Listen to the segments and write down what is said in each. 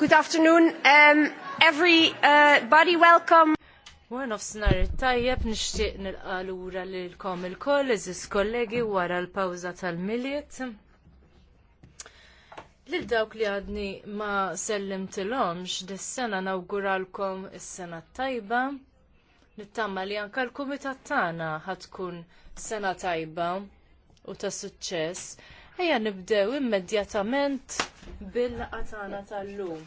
Good afternoon, um, everybody, uh, welcome. Għan of snar tajjeb nishtiq nil-qalura lilkom l-kom il-koll, iżis kollegi wara l-pawza tal-miliet. Lil dawk li għadni ma sellimtilomx, dis-sena nawguralkom is-sena tajba. Nittama li anka l-kumitat tagħna ħatkun sena tajba u ta' suċċess. Ejja nibdew immedjatament bil-qatana tal-lum.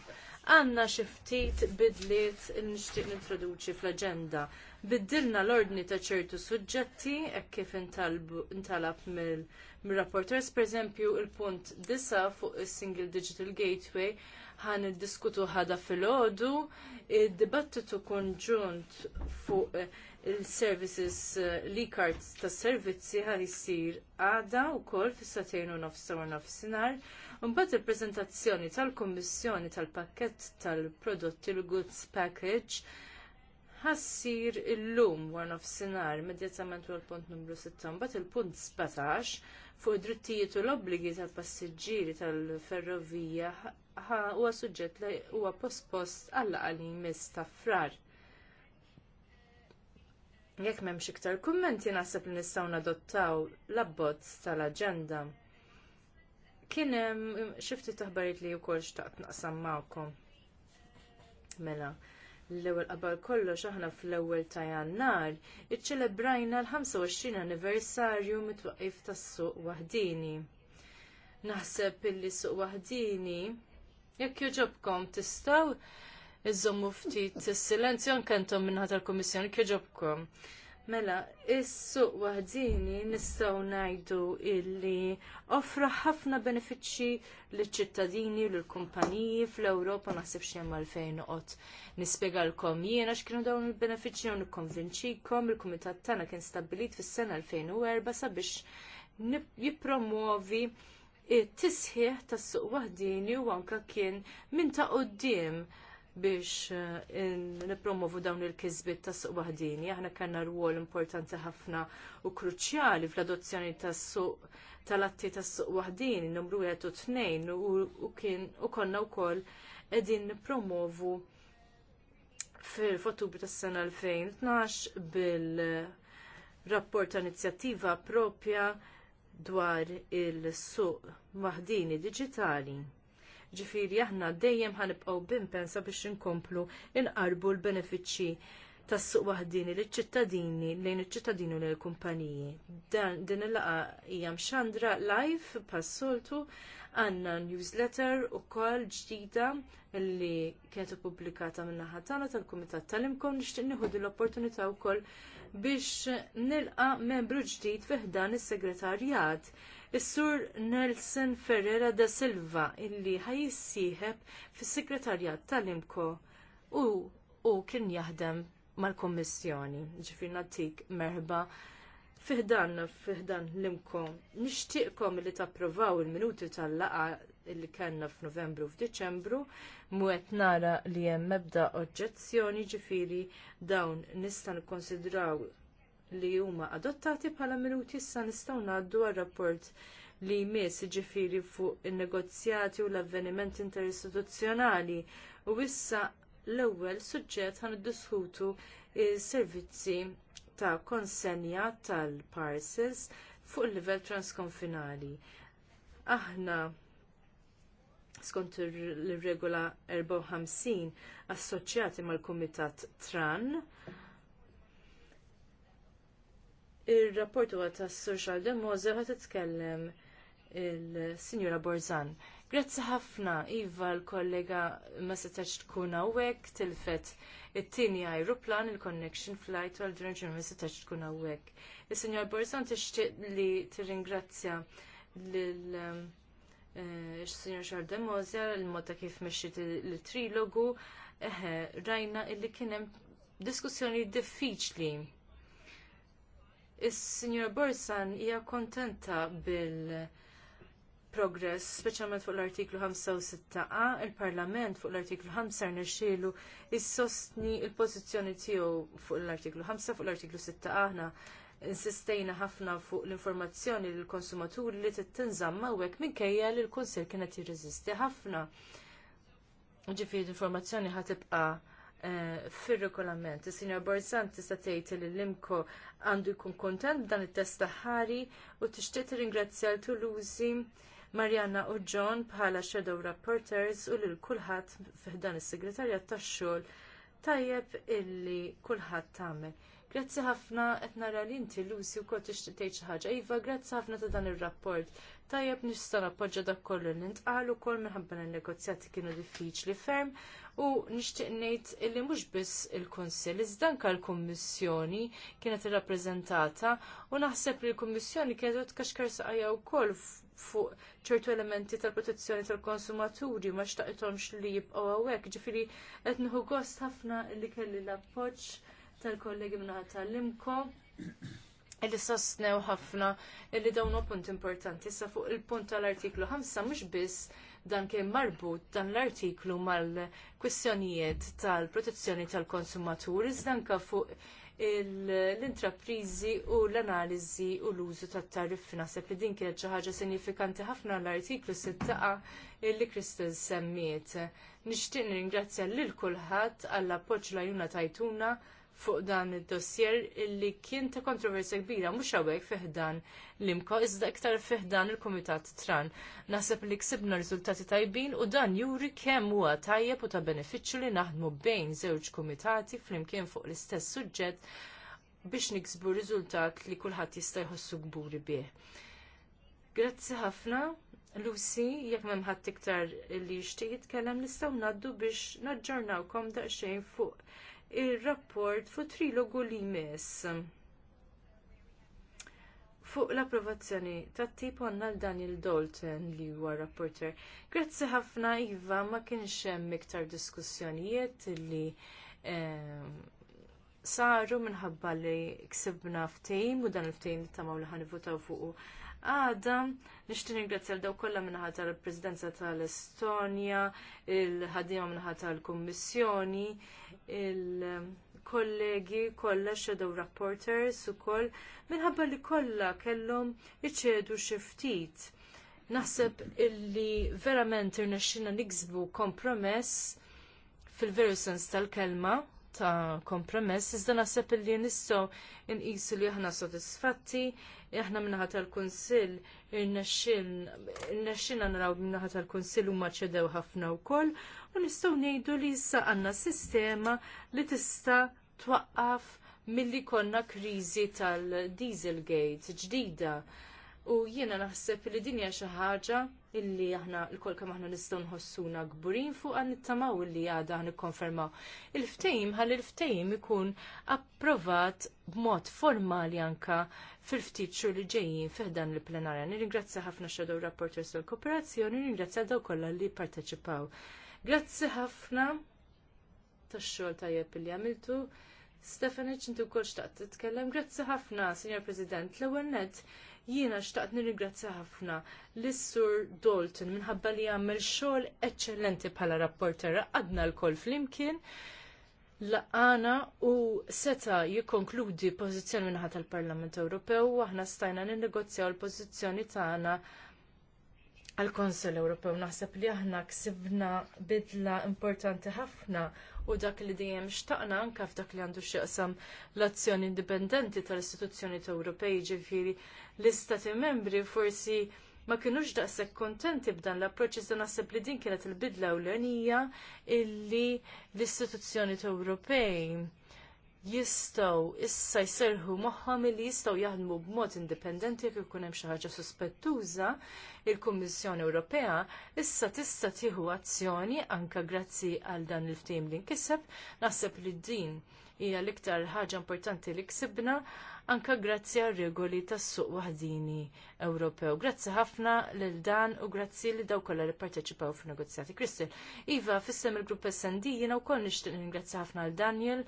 Għanna xiftit bidliet nixtieq nintroduċi fl-aġenda. Biddilna l-ordni ta' ċertu suġġetti, hekk kif intalab mill-rapporters, pereżempju il-punt disa' fuq is-Single Digital Gateway ħan diskutu ħada fil-ħodu, id-dibattitu konġunt fuq il-services e ta' tas servizzi ħal jisir għada wkoll fis-satejn u nofs u nofsinhar. Mbagħad il-preżentazzjoni tal-Kummissjoni tal-pakkett tal-prodotti l goods package ħassir illum war nofsinhar immedjatament wara l-punt numru 6 mbagħad il-punt 17 fuq id-drittijiet u l-obbligi tal-passiġġieri tal-ferrovija huwa suġġett li huwa postpost għall-qali jmiss ta' frar. Jekk m'hemmx iktar kummenti naħseb li nistgħu nadottaw l-abbozz tal-aġenda. Kien hemm xi ftit aħbarijiet li wkoll xtaqt naqsam magħkom. Mela, l-ewwel qabel kollox aħna fl-ewwel ta' Jannar iċċelebrajna l-25 anniversarju mitwaqqif tas-suq waħdini. Naħseb illi suq waħdini jekk joġobkom tistgħu iżommu ftit is-silenzju anke intom minnaħa tal-Kummissjoni kieġobkom. Mela, is-suq waħdini nistgħu ngħidu illi offra ħafna benefiċċji liċ-ċittadini u l-kumpaniji fl-Ewropa naħsibx hemm għalfejn noqgħod nispjegalkom jiena x'kienu dawn il-benefiċċji u nikkonvinċikom il-kumitat tagħna kien stabbilit fis-sena 2004 sabiex jippromuovi it-tisħiħ tas-suq waħdini u anke kien minn ta' quddiem biex eh, nippromovu dawn il-kizbit ta' suq waħdini. Aħna kellna rwol importanti ħafna u kruċjali fl-adozzjoni tas suq tal-atti tas suq waħdini numru 1 u 2 u kien u konna wkoll qegħdin nippromovu fil ta' tas-sena 2012 bil-rapport ta' inizjattiva propja dwar il-suq waħdini diġitali. Ġifiri aħna dejjem ħanibqgħu bimpensa biex inkomplu inqarbu l-benefiċċji tas-suq waħdini liċ ċittadini lejn iċ-ċittadini u kumpaniji Dan din il-laqa hija mxandra live pas-soltu għandna newsletter ukoll ġdida li kienet ippubblikata min naħa tagħna tal-Kumitat tal-Imkom nixtieq nieħu l-opportunità wkoll biex nilqa membru ġdid fih dan is-segretarjat is-Sur Nelson Ferrera da Silva illi ħajissieħeb fis-Segretarjat tal-Imko u, u kien jaħdem mal-Kommissjoni. Ġifir natik merħba fiħdan fiħdan l-imko. Nixtieqkom li tapprovaw il-minuti tal laqgħa li kellna f'Novembru u f'Diċembru, qed nara li hemm ebda oġġezzjoni ġifiri dawn nista' nikkonsidraw li huma adottati bħala minuti issa nistgħu ngħaddu għar-rapport li jmiss jiġifieri fuq in-negozjati u l-avvenimenti interistituzzjonali u issa l-ewwel suġġett ħan iddiskutu s servizzi ta' konsenja tal-parcels fuq il-livell transkonfinali. Aħna skont ir regola 54 assoċjati mal-Kumitat TRAN Il-rapport huwa tas Social Demoze ħat titkellem il-Sinjura Borzan. Grazzi ħafna, Iva l-kollega ma setax tkun hawnhekk tilfet it-tieni ajruplan il-connection flight għal drenġun ma setax tkun hawnhekk. Is-Sinjura Borzan tixtieq li tirringrazzja lil eh, sinjur Xardemozja l il ta' kif mexxiet il-trilogu, rajna illi kien hemm diskussjoni diffiċli Is-Sinjora Borsan hija kontenta bil- progress, speċjalment fuq l-artiklu 56a, il-Parlament fuq l-artiklu 5 nirxielu is-sostni l pożizzjoni tiegħu fuq l-artiklu 5 fuq l-artiklu 6 aħna insistejna ħafna fuq l-informazzjoni lill konsumaturi li tittinżamm hawnhekk minkejja li l-Kunsill kienet jirreżisti ħafna. Ġifieri l-informazzjoni ħatibqa' Eh, fir-regolament. Is-Sinjor Borzan tista' tgħid li l-imko għandu jkun kuntent b'dan it-test ħari u tixtieq tirringrazzja l Marianna Marjana u John bħala Shadow Rapporters u lil kulħadd f'dan is-Segretarjat tax-xogħol tajjeb illi kulħadd tagħmel. Grazzi ħafna qed nara li inti Lucy wkoll tixtieq tgħid xi ħaġa. Iva, grazzi ħafna ta' dan ir-rapport. Tajjeb nista' nappoġġja dak kollu li ntqal ukoll minħabba n negozjati kienu diffiċli ferm u nixtieq ngħid illi mhux biss il-Kunsill, iżda anke l-Kummissjoni kienet irrappreżentata u naħseb li l-Kummissjoni kienet tkaxkar saqajja wkoll fuq ċertu elementi tal-protezzjoni tal-konsumaturi ma xtaqtomx li jibqgħu hawnhekk. Ġifieri qed nieħu gost ħafna li kelli l-appoġġ tal-kollegi minnaħa tal-imko li sostnew ħafna li dawn punt importanti sa fuq il-punt tal-artiklu 5 mhux biss dan kien marbut dan l-artiklu mal-kwistjonijiet tal-protezzjoni tal-konsumatur iżdanka fuq l-intraprizi u l-analiżi u l-użu tat-tariffi naħseb li din kienet xi ħaġa sinifikanti ħafna l-artiklu sittaqa li Kristel semmiet. Nixtieq ringrazzja lil kulħadd għall-appoġġ li għajnuna tajtuna fuq dan id-dossier li kien ta' kontroversja kbira mhux hawnhekk fiħdan l-imko iżda iktar fiħdan il-Kumitat Tran. Naħseb li ksibna riżultati tajbin u dan juri kemm huwa tajjeb u ta' benefiċċju li naħdmu bejn żewġ kumitati flimkien fuq l-istess suġġett biex niksbu riżultat li kulħadd jista' jħossu gburi bih. Grazzi ħafna. Lucy, jekk m'hemm ħadd iktar li jixtieq jitkellem nistgħu ngħaddu biex naġġornawkom daqsxejn fuq il-rapport fu trilogu li jmiss. Fuq l-approvazzjoni ta' tip għanna l-Daniel Dalton li huwa rapporter. Grazzi ħafna Iva ma kienx hemm iktar diskussjonijiet li ehm, saru minħabba li ksibna ftehim u dan il-ftehim li tamaw li ħanivutaw fuq għada. Nishtin ringrazzja l-daw kolla minnaħat tal-Presidenza tal-Estonja, il-ħadima minnaħat tal-Kommissjoni, il-kollegi kolla shadow rapporters u koll minħabba li kolla kellhom iċedu xiftit. Naħseb illi verament irnexxina niksbu kompromess fil-veru sens tal-kelma ta' kompromess, iżda naħseb li nistgħu nqisu li aħna sodisfatti, aħna min-naħa tal-Kunsill irnexxilna naraw naħa tal-Kunsill huma ċedew ħafna wkoll u nistgħu ngħidu li issa għandna sistema li tista' twaqqaf milli konna kriżi tal-Dieselgate ġdida U jiena naħseb li dinja xi ħaġa illi aħna l-kol kemm aħna nistgħu nħossuna kburin fuq għan nittamaw illi għadha nikkonfermaw. Il-ftejm ħalli il-ftejm ikun approvat b'mod formali anka fil-ftit xhur li ġejjin fiħdan l-plenarja. Nirringrazzja ħafna Shadow Rapporters tal kooperazzjoni nirringrazzja daw kollha li parteċipaw. Grazzi ħafna tax-xogħol tajjeb li għamiltu. Stefanic, intu wkoll xtaqt titkellem. Grazzi ħafna, Signor President, l-ewwel nett Jiena xtaqt nirringrazzja ħafna l-Sur Dalton minħabba li għamel xogħol eċċellenti bħala rapporter għadna l-kol flimkien laqana u seta jikkonkludi pożizzjoni minħat tal-Parlament Ewropew u aħna stajna ninnegozjaw l-pożizzjoni tagħna għal-Konsel Ewropew naħseb li aħna ksibna bidla importanti ħafna u dak li dejjem xtaqna anke f'dak li għandu x'jaqsam l-azzjoni indipendenti tal-istituzzjoni Ewropej ġifieri l-istati membri forsi ma kinux daqshekk kontenti b'dan l-approċċ iżda naħseb li din kienet il-bidla ewlenija illi l-istituzzjoni Ewropej jistgħu issa jserħu moħħom li jistgħu jaħdmu b'mod indipendenti jekk ikun hemm xi ħaġa suspettuża, il-Kummissjoni Ewropea issa tista' tieħu azzjoni anke grazzi għal dan il-ftim li nkiseb, naħseb li din hija l-iktar ħaġa importanti li ksibna anke grazzi għal regoli tas-suq waħdini Ewropew. Grazzi ħafna lil dan u grazzi li daw kollha li parteċipaw fin-negozjati. Kristel, Iva, fissem il-grupp SND jiena wkoll nixtieq ningrazzja ħafna għal Daniel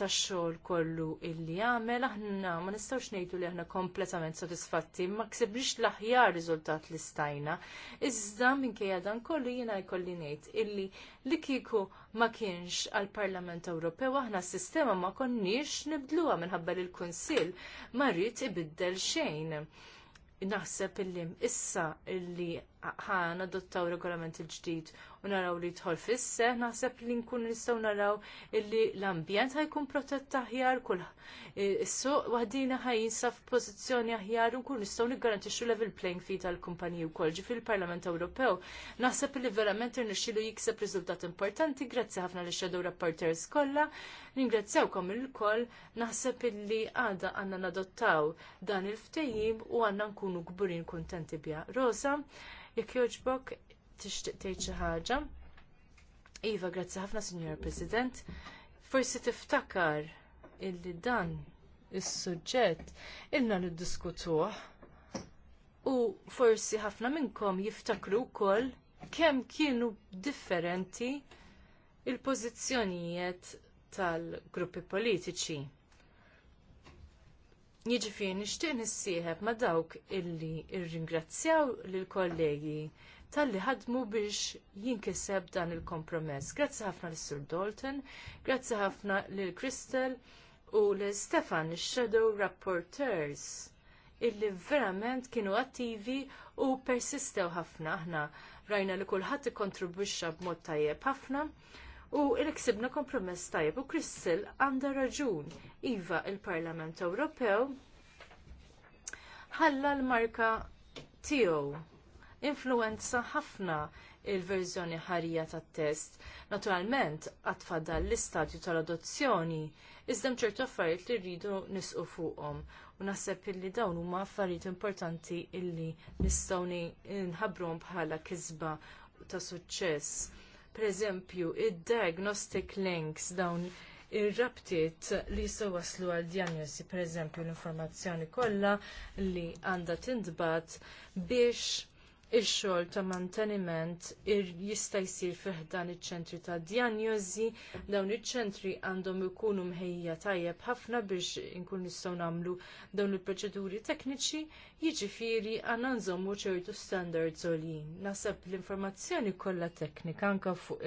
tax-xogħol kollu illi għamel, aħna ma nistgħux ngħidu li aħna kompletament sodisfatti, ma ksibniex l-aħjar riżultat li stajna. Iżda minkejja dan kollu jiena jkolli ngħid illi li kieku ma kienx għall-Parlament Ewropew aħna s-sistema ma konniex nibdluha minħabba li l-Kunsill ma rrid ibiddel xejn. Naħseb illi issa illi ħana adottaw regolament il-ġdid u naraw li tħol fisse, naħseb li nkun nistgħu naraw illi l-ambjent ħajkun protett aħjar, kull is-suq waħdina ħajinsa f'pożizzjoni aħjar u nkun nistgħu niggarantixxu level playing field tal-kumpaniji wkoll ġi fil-Parlament Ewropew. Naħseb li verament irnexxielu jikseb riżultat importanti, grazzi ħafna li shadow rapporters kollha, ningrazzjawkom il-koll, naħseb illi għada għandna nadottaw dan il-ftejjim u għandna nkunu kburin kuntenti bja Rosa, jekk jogħġbok tixtieq tgħid xi ħaġa. Iva, grazzi ħafna, Signor President. Forsi tiftakar illi dan is-suġġett ilna niddiskutuh u forsi ħafna minnkom jiftakru wkoll kemm kienu differenti il-pożizzjonijiet tal-gruppi politiċi. Jiġifieri nixtieq nissieħeb ma' dawk illi rringrazzjaw lill kollegi tal-li ħadmu biex jinkiseb dan il-kompromess. Grazzi ħafna lis sur Dalton, grazzi ħafna lil Kristel u l Stefan, il-Shadow Rapporteurs, illi verament kienu attivi u persistew ħafna aħna. Rajna li kulħadd ikkontribwixxa b'mod tajjeb ħafna. U il-ksibna kompromess tajjeb u Kristel għandha raġun. Iva il-Parlament Ewropew ħalla l-marka tiegħu influenza ħafna il-verżjoni ħarija tat test. Naturalment, għatfadda l-istadju tal-adozzjoni, iżdem ċertu affarijiet li rridu nisqu fuqhom. U naħseb illi dawn huma affarijiet importanti illi nistgħu nħabrhom bħala kisba ta' suċċess. Pereżempju, id-diagnostic links dawn ir-rabtiet li jistgħu waslu għal diagnosi, pereżempju l-informazzjoni kollha li għandha tintbat biex ix-xogħol ta' manteniment jista' jsir fih dan iċ-ċentri ta' dijanjosi, dawn iċ-ċentri għandhom ikunu mħejja tajjeb ħafna biex inkun nistgħu nagħmlu dawn il-proċeduri tekniċi, jiġifieri għandna nżommu ċertu standards għolin. Naseb l-informazzjoni kollha teknika anke fuq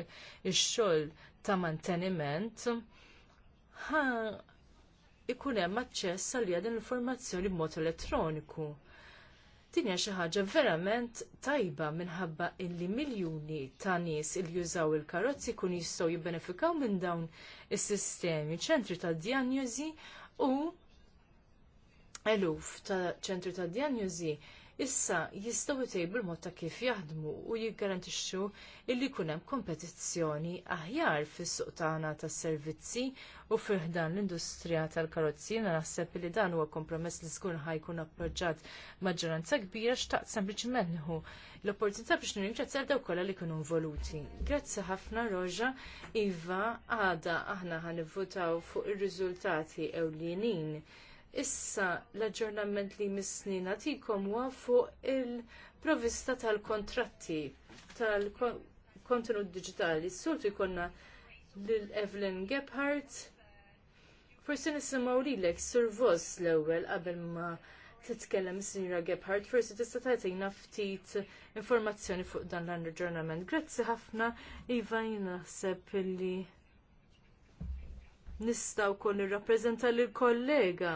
ix-xogħol ta' manteniment ikun hemm aċċess għal l-informazzjoni b'mod elettroniku Tinja xi ħaġa verament tajba minħabba illi miljuni ta' nies il jużaw il-karozzi kun jistgħu jibbenefikaw minn dawn is-sistemi, ċentri ta' djanjosi u eluf ta' ċentri ta' djanjosi issa jistgħu jtejbu l-mod ta' kif jaħdmu u jiggarantixxu li jkun hemm kompetizzjoni aħjar fis-suq tagħna tas-servizzi u fih l-industrija tal-karozzi jiena naħseb li dan huwa kompromess li żgur jkun appoġġjat maġġoranza kbira x'taqt sempliċement nieħu l-opportunità biex nirringrazzja daw kollha li kienu involuti. Grazzi ħafna Roġa, Iva, għada aħna ħanivvutaw fuq ir-riżultati ewlienin Issa l-aġġornament li mis għatikom huwa fuq il-provista tal-kontratti tal-kontenut digitali. Soltu jkollna lil Evelyn Gebhardt. Forsi nisimgħu lilek Sur Voss l-ewwel qabel ma titkellem is-Sinjura Gebhardt, forsi tista' tagħtina ftit informazzjoni fuq dan l-aġġornament. Grazzi ħafna, Iva naħseb li nista' wkoll nirrappreżenta lill kollega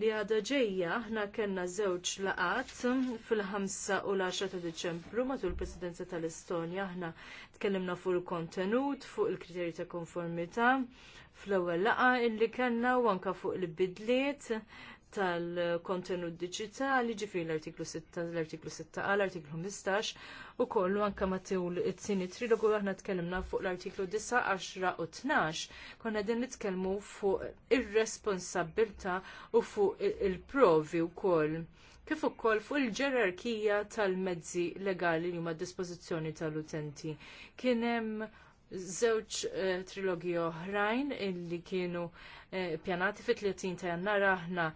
li għada ġejja aħna kellna żewġ laqat fil-5 u l-10 ta' Diċembru matul il-Presidenza tal-Estonja aħna tkellimna fuq il-kontenut, fuq il-kriterji ta' konformità fl-ewwel laqa illi kellna u anke fuq il-bidliet tal-kontenut digitali, ġifiri l-artiklu 6, l-artiklu 6a, l-artiklu 15, u kollu anka matul it-sini trilogu aħna tkellimna fuq l-artiklu 9, 10 u 12, konna din nitkellmu fuq ir-responsabilta u fuq il-provi u koll. Kif ukoll fuq il-ġerarkija tal-mezzi legali li huma d-dispożizzjoni tal-utenti. Kien hemm żewġ eh, trilogi oħrajn illi kienu eh, pjanati fit-30 ta' jannar aħna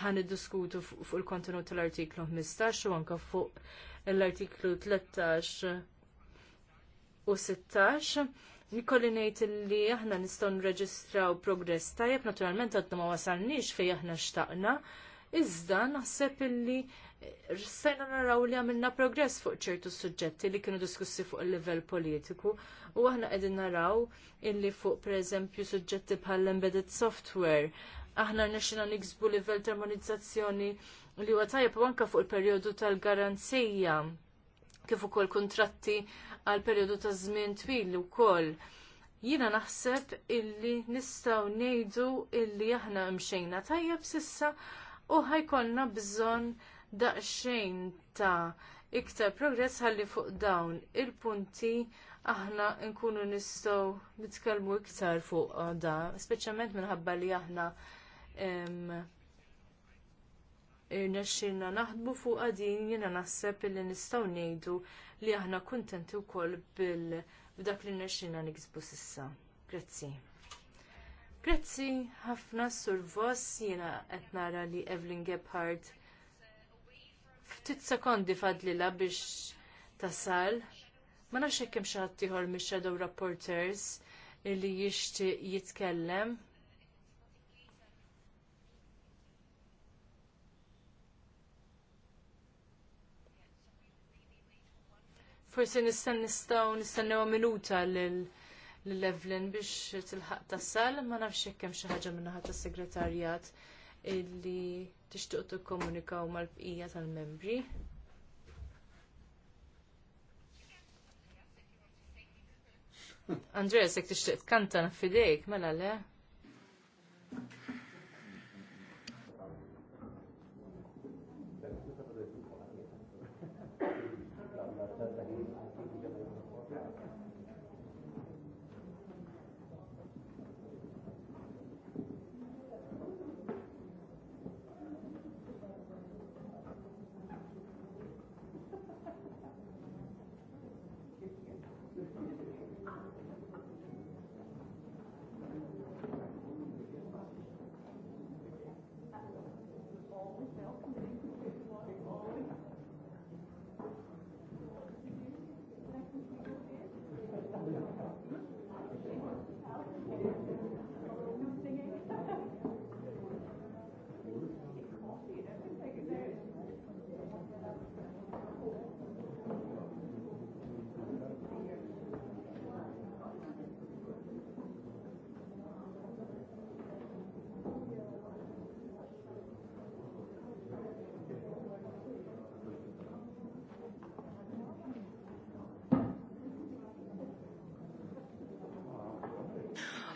ħan diskutu fuq il-kontenut tal-artiklu 15 u anke fuq l-artiklu 13 u 16. Nikolli ngħid li aħna nistgħu nreġistraw progress tajjeb, naturalment għadna ma wasalniex fejn aħna xtaqna, iżda naħseb illi Sajna naraw li għamilna progress fuq ċertu suġġetti li kienu diskussi fuq il-level politiku u aħna qegħdin naraw illi fuq pereżempju suġġetti bħal embedded software aħna nixina niksbu level ta' armonizzazzjoni li huwa tajjeb anke fuq il-perjodu tal-garanzija kif ukoll kuntratti għal perjodu ta' żmien twil ukoll. Jiena naħseb illi nistgħu ngħidu illi aħna mxejna tajjeb sissa u ħajkonna bżonn daqsxejn ta' iktar progress ħalli fuq dawn il-punti aħna nkunu nistgħu nitkellmu iktar fuq uh, da, speċjalment minħabba li aħna irnexxilna naħdmu fuq din jiena naħseb li nistgħu ngħidu li aħna kuntenti wkoll bil b'dak li rnexxilna niksbu sissa. Grazzi. Grazzi ħafna sur Voss jiena qed nara li Evelyn Gebhardt ftit sekondi fadlilha biex tasal. Ma nafx hekk hemm xi ħadd ieħor mix-shadow rapporters li jixtieq jitkellem. Forsi nistan nistgħu nistennew minuta lil evelyn biex tilħaq tassal, ma nafx hekk hemm xi ħaġa min-naħa tas-segretarjat illi tixtuq tikkomunikaw mal-bqija tal-membri. Andrea, sek tixtieq tkanta fidejk, mela le?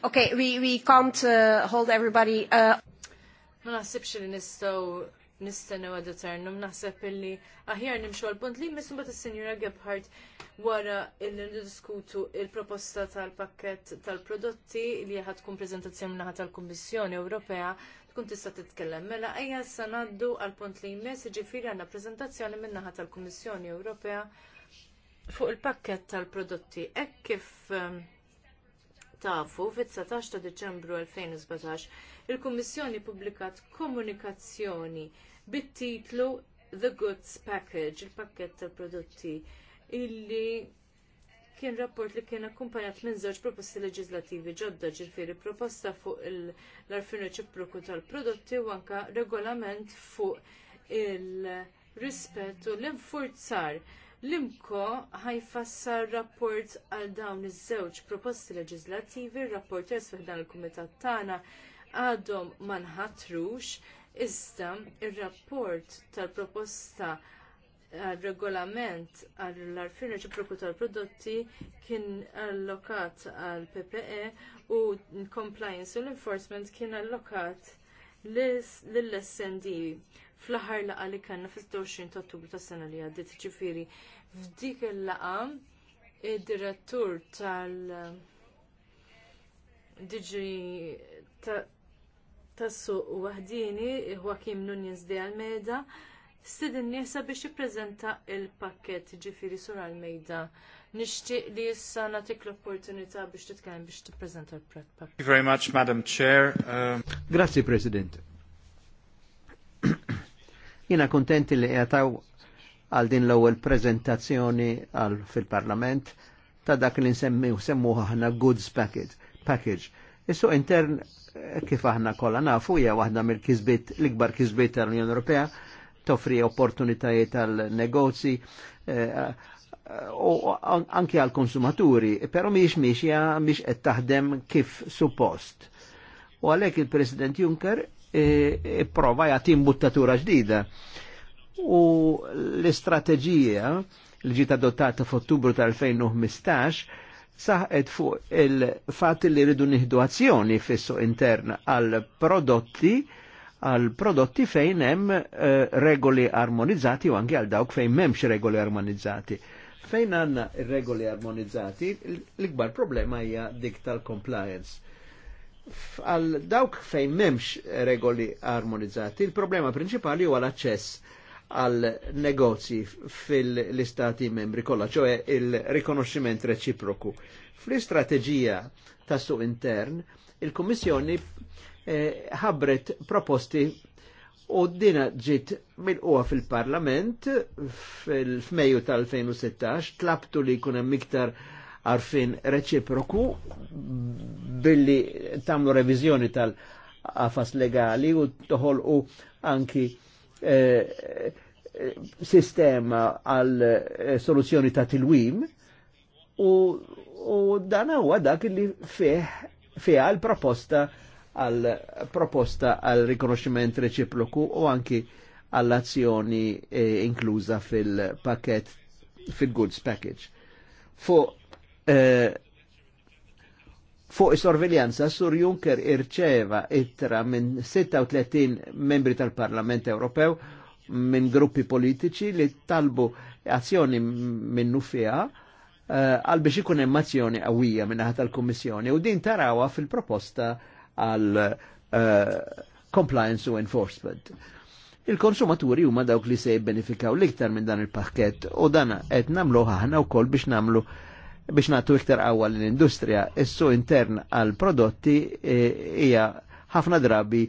okay, we, we can't to uh, hold everybody. Uh... Ma naħsibx li nistaw nistennew għad eternum, naħseb illi aħjar nimxu għal-punt li jmissu bat il-Sinjura Gebhardt wara illi diskutu il-proposta tal-pakket tal-prodotti li ħad tkun prezentazzjoni minnaħat tal-Kommissjoni Ewropea tkun tista' titkellem. Mela ejja issa ngħaddu għal-punt li jmiss ġifieri għandna prezentazzjoni minnaħat tal-Kummissjoni Ewropea fuq il-pakket tal-prodotti. Hekk kif um, tafu, fit-19 ta' Deċembru 2017, il-Kummissjoni publikat komunikazzjoni bit-titlu The Goods Package, il-pakket tal-prodotti, illi kien rapport li kien akkumpanjat minn żewġ proposti leġislativi ġodda ġifieri proposta fuq l-arfin reċiproku tal-prodotti u anke regolament fuq il-rispett u l-infurzar L-imko ħajfassar rapport għal dawn iż-żewġ proposti leġislattivi, rapport jesfih dan il-kumitat tagħna għadhom ma nħatrux, iżda ir-rapport tal-proposta għal regolament għall arfin reċiproku tal-prodotti kien allokat għal PPE u compliance u l-enforcement kien allokat lill-SND fl-aħħar laqgħa li kellna fis-26 ta' Ottubru tas-sena li għaddiet, ġifieri f'dik il-laqgħa id-direttur tal diġi tas-suq waħdini Joaquim Nunez de Almeida Sid n-nisa biex jippreżenta il-pakket ġifiri sur Almeida. Nixtieq li issa nagħtik l-opportunità biex titkellem biex tippreżenta l-pakket. Thank you very much, Madam Chair. Um, Grazzi, President. Jina kontenti li jgħataw għal din l-ewwel prezentazzjoni fil-Parlament ta' dak li nsemmi u semmuħa ħna goods package. package. Issu intern eh, kif aħna kollha nafu hija waħda mill-kisbit l-ikbar kisbit tal-Unjoni Ewropea toffri opportunitajiet tal-negozji eh, u anke għal konsumaturi, però miex miex miex qed taħdem kif suppost. U għalhekk il-President Juncker E, e prova jagħti imbuttatura ġdida. U l-istrateġija li ġiet adottata f'Ottubru tal-2015 saħet fuq il-fat li rridu nieħdu azzjoni fissu intern għal prodotti għal prodotti fejn hemm e, regoli armonizzati u anke għal dawk fejn m'hemmx regoli armonizzati. Fejn għandna regoli armonizzati, l-ikbar problema hija dik tal-compliance għal dawk fejn memx regoli armonizzati, il-problema principali huwa l-aċċess għal negozji fil-istati membri kollha, ċoħe il-rikonoxximent reċiproku. Fl-istrateġija ta' suq intern, il-Kummissjoni eh, ħabret eh, proposti u dina ġiet mill fil-Parlament fil-Mejju tal-2016 tlabtu li jkun hemm iktar għarfin reċiproku billi tamlu revizjoni tal-għafas legali u toħol u anki eh, eh, sistema għal eh, soluzzjoni ta' tilwim u, u dan huwa dak li fih fiha proposta għal proposta għal rikonoxximent reċiproku u anki għall-azzjoni eh, inkluża fil-pakket fil-goods package. Fuq Eh, fuq is-sorveljanza, Sur Juncker irċeva ittra minn 36 membri tal-Parlament Ewropew minn gruppi politiċi li talbu azzjoni minn nufija eh, għal biex ikun hemm azzjoni qawwija minnaħa tal-Kummissjoni u din tarawha fil-proposta għal eh, compliance u enforcement. Il-konsumaturi huma dawk li se jibbenefikaw l-iktar minn dan il-pakket u dan qed nagħmlu aħna wkoll biex nagħmlu uh, biex nagħtu iktar qawwa l-industrija, issu intern għal prodotti e, hija ħafna drabi e,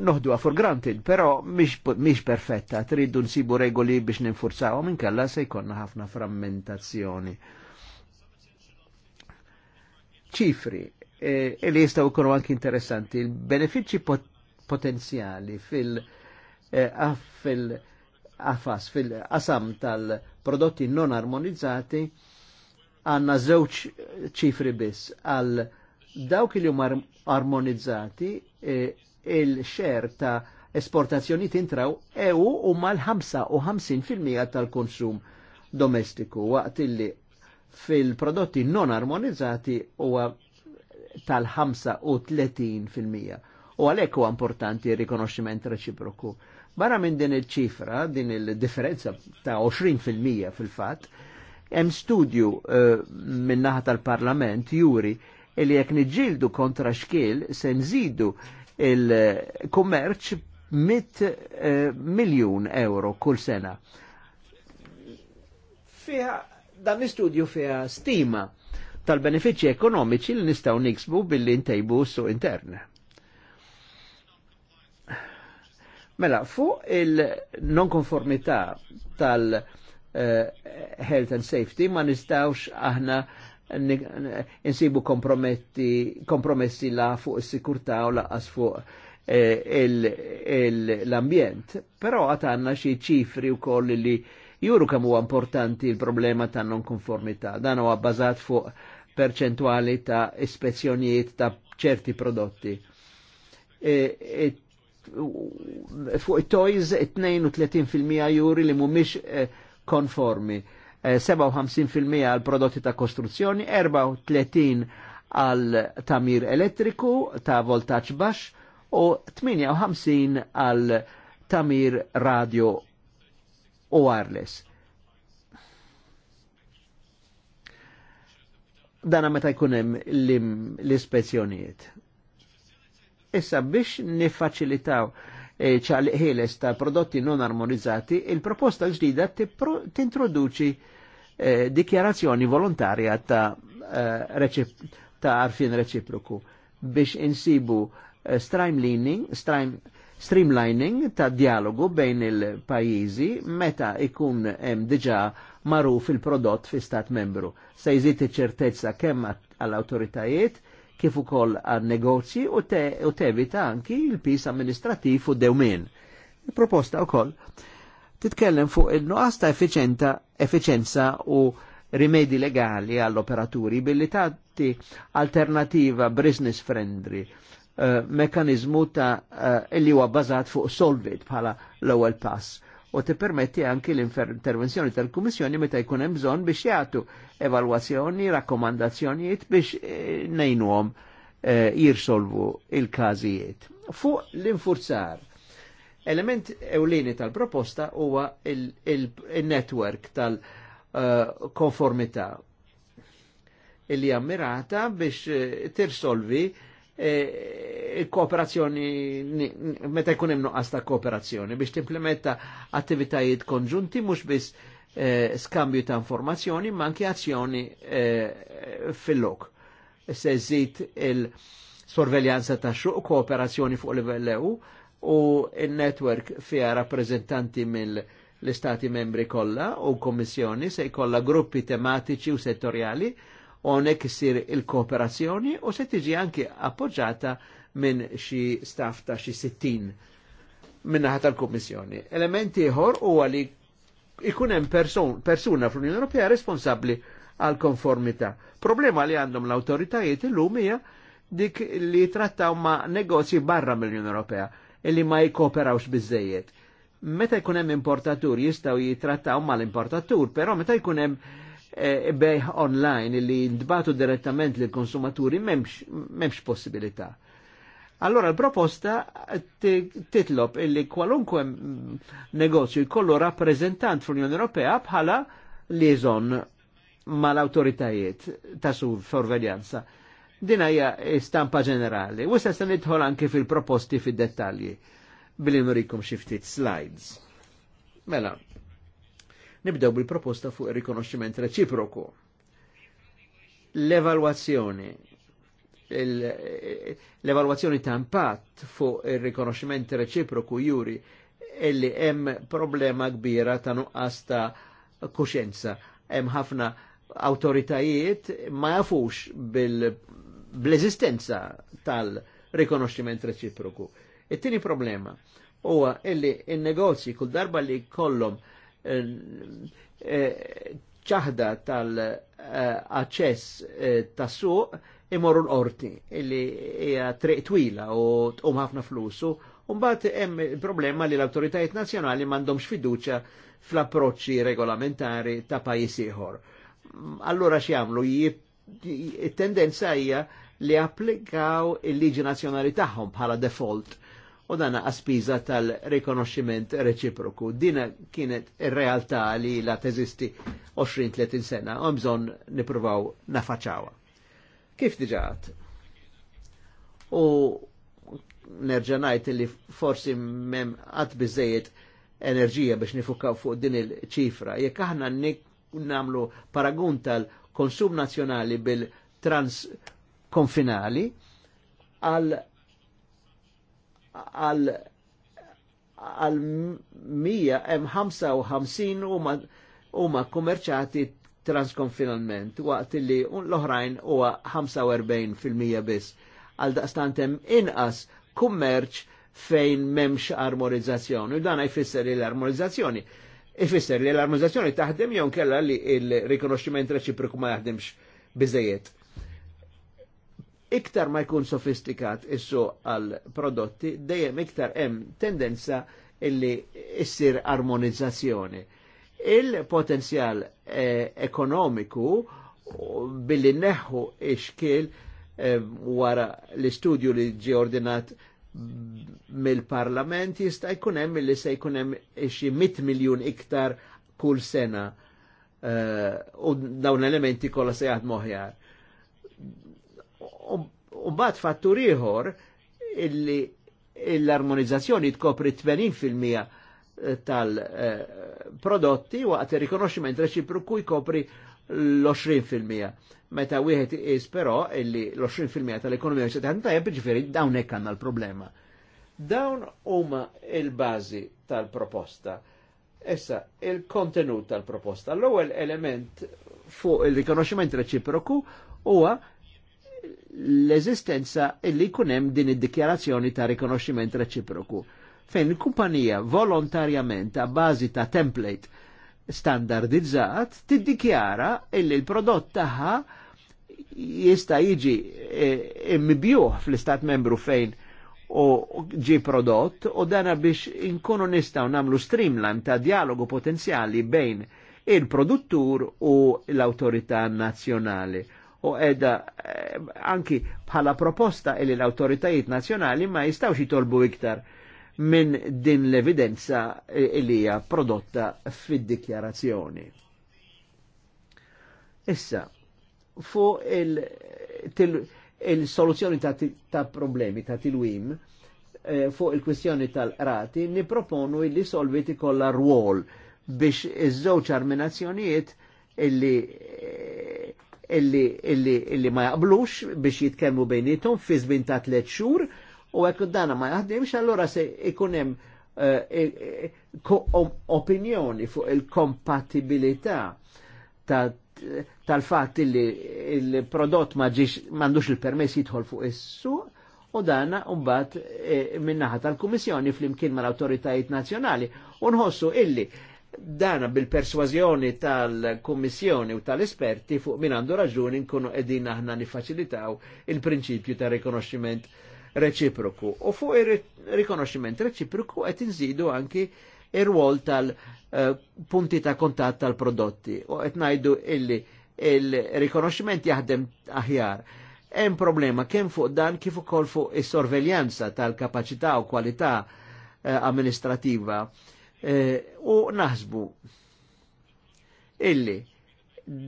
noħduha for granted, pero miex perfetta, tridu nsibu regoli biex minn kalla se jkonna ħafna frammentazzjoni. Ċifri, e, e li jistgħu jkunu anki interessanti, il benefici pot potenzjali fil-affas, fil-qasam tal- prodotti non armonizzati għanna żewġ ċifri biss għal dawk li huma armonizzati e, il-xer ta' esportazzjoni tintraw EU u mal-55% tal-konsum domestiku waqt illi fil-prodotti non armonizzati huwa tal-35%. U għalhekk huwa importanti r-rikonoxximent reċiproku. Barra minn din il-ċifra, din il-differenza ta' 20% fil-fat, hemm studju uh, eh, minn naħa tal-Parlament juri li jekk niġġieldu kontra xkiel se nżidu il-kummerċ mit uh, miljun euro kull sena. Fiha dan l-istudju fiha stima tal-benefiċċji ekonomiċi li nistgħu niksbu billi ntejbu su intern. Mela, fuq il-nonkonformità tal-health eh, and safety ma nistawx aħna insibu kompromessi la fuq is-sikurtà u laqas fuq eh, l-ambjent. Però għatanna xie ċifri u koll li juru kemm huwa importanti il-problema ta' nonkonformità. Dan huwa bbażat fuq percentuali ta' ispezzjonijiet ta' ċerti prodotti. E, et, fuq it-toys 32% juri li mumiex eh, konformi, 57% eh, għal prodotti ta' kostruzzjoni, 34 għal tamir elettriku ta' voltaċ baxx u 58 għal tamir radio u wireless. Dana meta jkun hemm l-ispezzjonijiet Issa biex nifaċilitaw eh, ċaliq ta' prodotti non armonizzati, il-proposta ġdida t-introduċi eh, dikjarazzjoni volontarja ta' eh, arfin reċiproku biex insibu streamlining, ta' dialogu bejn il-pajizi meta ikun hemm diġà maruf il-prodott fi stat membru. Se jżid iċ-ċertezza kemm għall-awtoritajiet, kif ukoll għan negozji u te u tevita anki il-pis amministrativ u dewmin. Il-proposta ukoll titkellem fuq il nuqas ta' efficienza u rimedi legali għall-operaturi billi tatti alternativa business friendly uh, mekanizmu ta' uh, illi huwa bbażat fuq solvit bħala l-ewwel pass u tippermetti anki l-intervenzjoni tal-Kummissjoni meta jkun hemm bżonn biex jagħtu evalwazzjoni, rakkomandazzjonijiet biex eh, nejnuhom eh, jirsolvu il-każijiet. Fuq l-infurzar, element ewlieni tal-proposta huwa il-network tal-konformità il eh, illi ammirata biex tirsolvi E, kooperazzjoni, meta jkun hemm nuqqas ta' kooperazzjoni biex timplementa attivitajiet konġunti mhux biss e, skambju ta' informazzjoni ma' anke azzjoni e, fil-lok. Se żid il-sorveljanza ta' xuq kooperazzjoni fuq livell EU u il-network fija rappresentanti mill- l-istati membri kollha u kommissjoni se jkollha gruppi tematiċi u settorjali onek isir il-kooperazzjoni u se tiġi anki appoġġata minn xi staff ta' xi sittin minnaħa tal-Kummissjoni. Elementi ieħor huwa li ikun hemm persuna fl-Unjoni Ewropea responsabbli għal konformità. Problema li għandhom l-awtoritajiet illum hija dik li trattaw ma' negozji barra mill-Unjoni Ewropea illi e ma jkooperawx biżejjed. Meta jkun hemm importatur jistgħu jitrattaw mal-importatur, però meta jkun hemm e bejħ online li ndbatu direttament li konsumaturi memx, memx possibilità. Allora l-proposta titlob illi kwalunkwe negozju jkollu rappresentant fl-Unjoni Ewropea bħala liaison mal-autoritajiet ta' sorveljanza. Din hija stampa ġenerali. Wisa se nidħol anke fil-proposti fid-dettalji billi nurikom xi slides. Mela, Nibdew bil-proposta fuq ir rikonoxximent reċiproku. L-evalwazzjoni l-evalwazzjoni ta' impatt fuq ir rikonoxximent reċiproku juri illi hemm problema kbira ta' nuqqas ta' kuxenza. Hemm ħafna autoritajiet ma jafux bil-eżistenza tal-rikonoxximent reċiproku. It-tieni problema huwa illi in-negozji kull darba li kollhom ċaħda tal aċess eh, tas-suq imorru l orti illi hija triq twila u tqum ħafna flusu u mbagħad hemm il-problema li l-awtoritajiet nazzjonali m'għandhomx fiduċja fl-approċċi regolamentari ta' pajjiż ieħor. Allura x'jagħmlu it-tendenza hija li applikaw il-liġi nazzjonali tagħhom bħala default u dan għaspiża tal-rikonoxximent reċiproku. Dina kienet ir-realtà li la teżisti 20-30 sena u bżonn nippruvaw nafaċawa. Kif diġat? U nerġa' ngħid li forsi mem qatt biżejjed enerġija biex nifukaw fuq din il-ċifra. Jekk aħna nagħmlu paragun tal-konsum nazzjonali bil-transkonfinali għal għal għal mija hemm 55 huma huma kummerċati transkonfinalment waqt li l-oħrajn huwa 45% fil-mija biss. Għal daqstant hemm inqas kummerċ fejn memx armonizzazzjoni. U dan jfisser li l-armonizzazzjoni. Ifisser li l armorizzazzjoni taħdem jew kella li l-rikonoxximent reċiproku ma jaħdemx biżejjed iktar ma jkun sofistikat issu għal prodotti, dejjem iktar hemm tendenza illi issir armonizzazzjoni. Il-potenzjal eh, ekonomiku billi neħu iċkil eh, wara l-istudju li ġi ordinat mill-parlament jista' jkun hemm li se jkun hemm xi 100 miljun iktar kull sena eh, u uh, dawn elementi kollha se jaħdmu Umbat fattur ieħor illi l-armonizzazzjoni tkopri 80% eh, tal-prodotti eh, waqt il rikonoxximent reċiproku jkopri l-20%. Meta wieħed is però illi l-20% tal-ekonomija se għan tajab, ġifiri dawn hekk l-problema. Dawn huma il bazi tal-proposta. Essa, il-kontenut tal-proposta. L-ewwel element fuq il-rikonoxximent reċiproku huwa l-eżistenza illi kunem din id-dikjarazzjoni ta' rikonoxximent reċiproku. Fejn il-kumpanija volontarjament ta' bażi ta' template standardizzat tiddikjara illi l-prodott tagħha jista' jiġi e, imbibjuh fl-istat membru fejn u ġi prodott u dana biex inkunu nistaw namlu streamline ta' dialogu potenzjali bejn il-produttur u l-autorità nazjonali u edha eh, anki bħala proposta li l-autoritajiet nazjonali ma jistawx jitolbu iktar minn din l-evidenza eh, li hija prodotta fid-dikjarazzjoni. Issa, fuq il-soluzzjoni il ta' problemi ta' tilwim, eh, fuq il-kwistjoni tal-rati, niproponu illi solvit ikolla rwol biex iż-żewġ arminazzjonijiet illi illi, illi, illi ma jaqblux biex jitkellmu bejnietom fi żmien ta' tliet xhur u hekk dana ma jaħdimx allora se ikun hemm uh, opinjoni fuq il-kompatibilità tal-fatt ta illi il-prodott ma ġiex m'għandux il-permess jidħol fuq is-suq u dana mbagħad min eh, minnaħa tal-Kummissjoni fl-imkien mal Nazzjonali u nħossu illi dana bil-perswazjoni tal-Kommissjoni u tal-esperti fuq min għandu raġuni nkunu edin aħna nifaċilitaw il-prinċipju ta' rikonoxximent reċiproku. U fuq il-rikonoxximent reċiproku qed inżidu anki ir-rwol tal-punti ta' kontatt tal-prodotti. U qed ngħidu illi il-rikonoxximent jaħdem aħjar. Hemm problema kemm fuq dan kif ukoll fuq is-sorveljanza tal-kapaċità u kwalità eh, amministrativa Eh, u naħsbu illi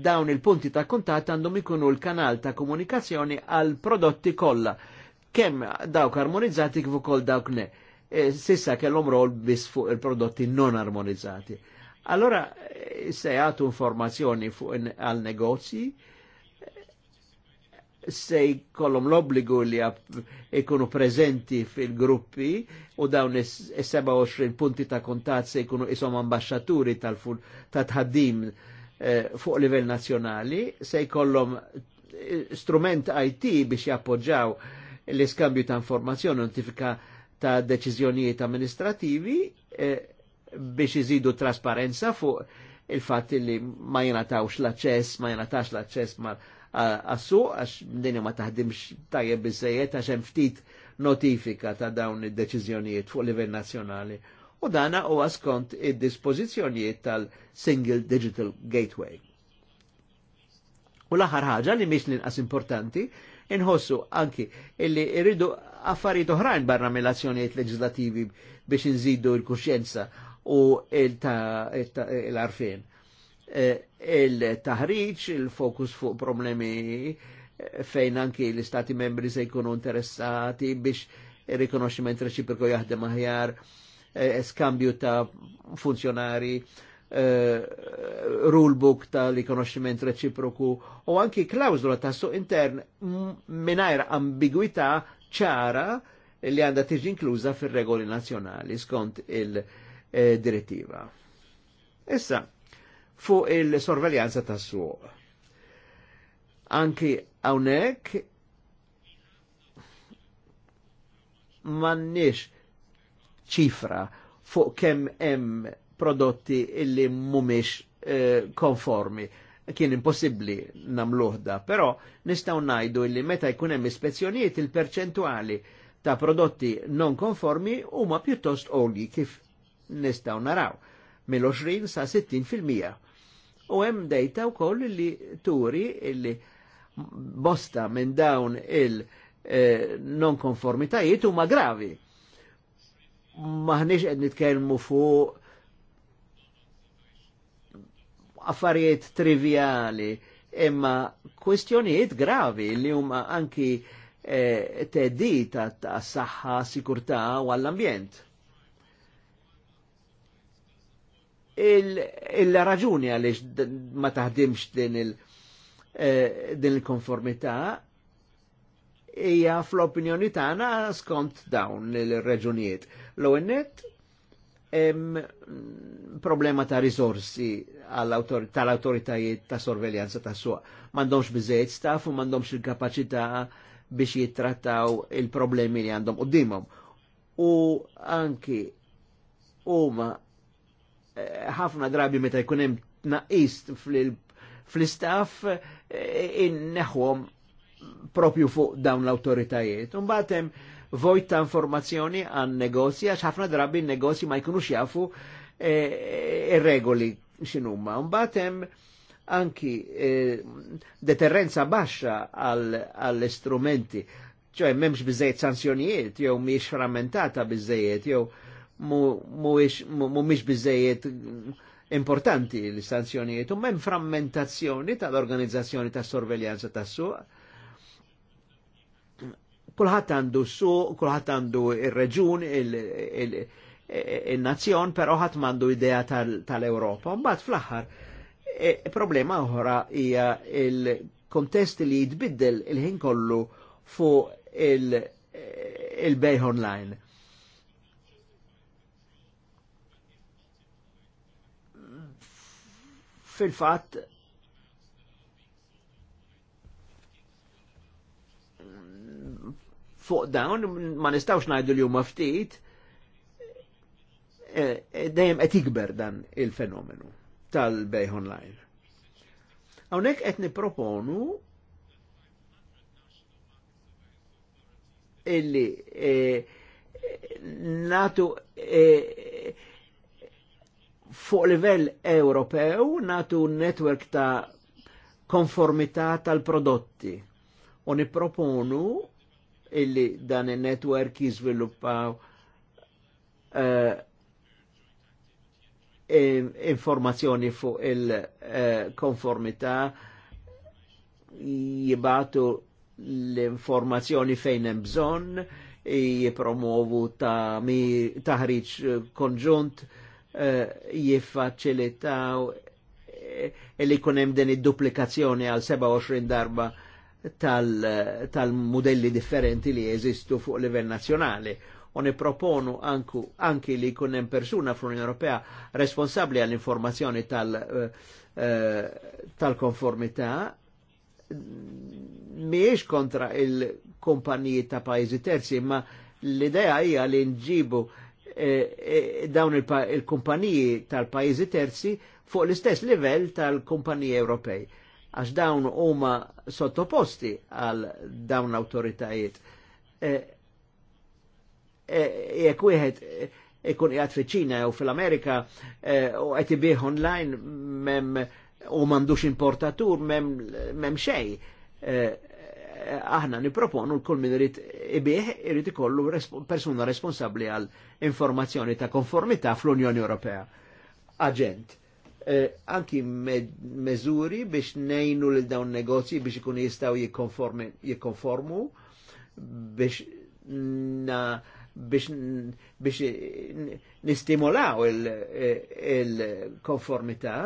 dawn il-punti ta' kuntat għandhom ikunu l-kanal ta' komunikazzjoni għal prodotti kollha kemm dawk armonizzati kif ukoll dawk ne. E, sissa kellhom rol biss fuq il-prodotti non armonizzati. Allora eh, se jagħtu informazzjoni fuq għal negozji se jkollhom l-obbligu li ikunu prezenti fil-gruppi u dawn is-27 punti ta' kontat se ikunu isom ambasċaturi tal-ful ta' tħaddim eh, fuq livell nazjonali, se jkollhom eh, strument IT biex jappoġġaw l-iskambju ta' informazzjoni notifika ta' deċiżjonijiet amministrativi eh, biex iżidu trasparenza fuq il-fatt li ma jenatawx l-aċċess, ma jenatax l-aċċess mal għassu, għax dinja ma taħdimx tajjeb bizzejiet għax hemm ftit notifika ta' dawn id-deċiżjonijiet fuq livell nazzjonali. U dana huwa skont id-dispożizzjonijiet tal-Single Digital Gateway. U l-aħħar ħaġa li mhix l-inqas importanti, inħossu anki illi irridu affarijiet oħrajn barra mill-azzjonijiet leġislativi biex inżidu l-kuxjenza u l-arfin. Eh, il taħriċ il-fokus fuq problemi eh, fejn anki l-istati membri se jkunu interessati biex il-rikonoxximent reċipriko jaħdem aħjar, eh, skambju ta' funzjonari, rulebook ta' rikonoxximent reċiproku u anki klawzula ta' suq intern minajr ambigwita ċara li għanda tiġi inkluża fil regoli nazjonali skont il-direttiva. Issa, fuq il-sorveljanza ta' suq Anki hawnhekk m'għandniex ċifra fuq kemm hemm prodotti illi mhumiex eh, konformi. Kien impossibbli namluħda, però nistgħu ngħidu illi meta jkun hemm ispezzjonijiet il-perċentwali ta' prodotti non konformi huma pjuttost olji kif nistgħu naraw mill-20 sa 60 fil-mija U hemm dejta wkoll li turi illi bosta minn dawn il eh, non konformitajiet huma gravi. Maħniex qed nitkellmu fuq affarijiet trivjali imma kwestjonijiet gravi li huma anki eh, teddita ta' saħħa, sikurtà u għall-ambjent. il-raġuni il għalix ma taħdimx din eh, il-konformità eh, hija fl-opinjoni tagħna skont dawn il-raġunijiet. L-għennet problema ta' risorsi tal-autoritajiet ta' sorveljanza ta' suq. Mandomx bizzejt staff u mandomx il kapaċità biex jittrattaw il-problemi li għandhom u dimom. U anki huma ħafna drabi meta jkun hemm tnaqqis fl-istaff e, inneħħom propju fuq dawn l-autoritajiet. Mbagħad hemm vojt ta' informazzjoni għan negozji għax ħafna drabi n-negozji ma jkunux jafu e, e, ir-regoli x'inhuma. Mbagħad hemm anki deterrenza baxxa għall-istrumenti, ċoj memx bizzejt sanzjonijiet, jew miex frammentata bizzejt, jew mumiex bizzejiet importanti l-istanzjonijiet u men frammentazzjoni tal-organizzazzjoni ta' sorveljanza ta' suq. Kulħat għandu suq, kulħat għandu il reġun il il-nazzjon, il però ħadd mandu idea tal europa Tal Mbagħad fl-aħħar e problema oħra hija il-kontest li jitbiddel il-ħin kollu fuq il bej il online fil-fatt fuq dawn ma nistawx najdu li huma ftit e, e, dejjem qed ikber dan il-fenomenu tal-bej online. Hawnhekk qed niproponu illi e, natu fuq livell Ewropew natu netwerk ta' konformità tal-prodotti u niproponu illi dan il-network jizviluppaw uh, informazzjoni fuq il-konformità eh, jibatu l-informazzjoni fejn hemm bżonn, jipromovu ta' mi taħriġ konġunt Uh, Eh, jiffaċilitaw eh, li kunem din id-duplikazzjoni għal 27 darba tal-modelli tal differenti li jeżistu fuq livell nazzjonali. U niproponu anki li kunem persuna fl-Unjoni Ewropea responsabli għall-informazzjoni eh, tal-konformità tal miex kontra il-kumpaniji ta' pajzi terzi, ma l-idea hija li nġibu uh, Eh, eh, dawn il-kumpaniji tal-pajjiżi terzi fuq l-istess livell tal-kumpaniji Ewropej għax dawn huma sottoposti għal dawn l-autoritajiet. Eh, jekk wieħed ikun qiegħed fiċ-Ċina jew fil-Amerika u qed ibih online mem u m'għandux importatur mem xejn aħna niproponu l-kull min irrit ibieħ irrit ikollu persuna responsabli għal informazzjoni ta' konformità fl-Unjoni Ewropea. Aġent. Eh, anki mezzuri biex nejnu l dawn negozji biex ikun jistaw jikonformu biex na biex, biex nistimolaw il-konformità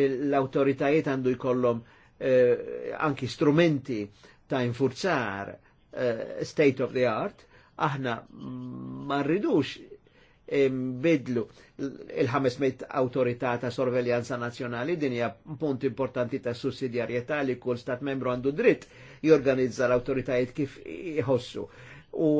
il l-autoritajiet għandu jkollhom il eh, anki strumenti ta' infurzar eh, state of the art, aħna ma rridux bidlu il-500 autorità ta' sorveljanza nazjonali din hija punt importanti ta' sussidjarjetà li kull stat membru għandu dritt jorganizza l-autoritajiet kif jħossu. U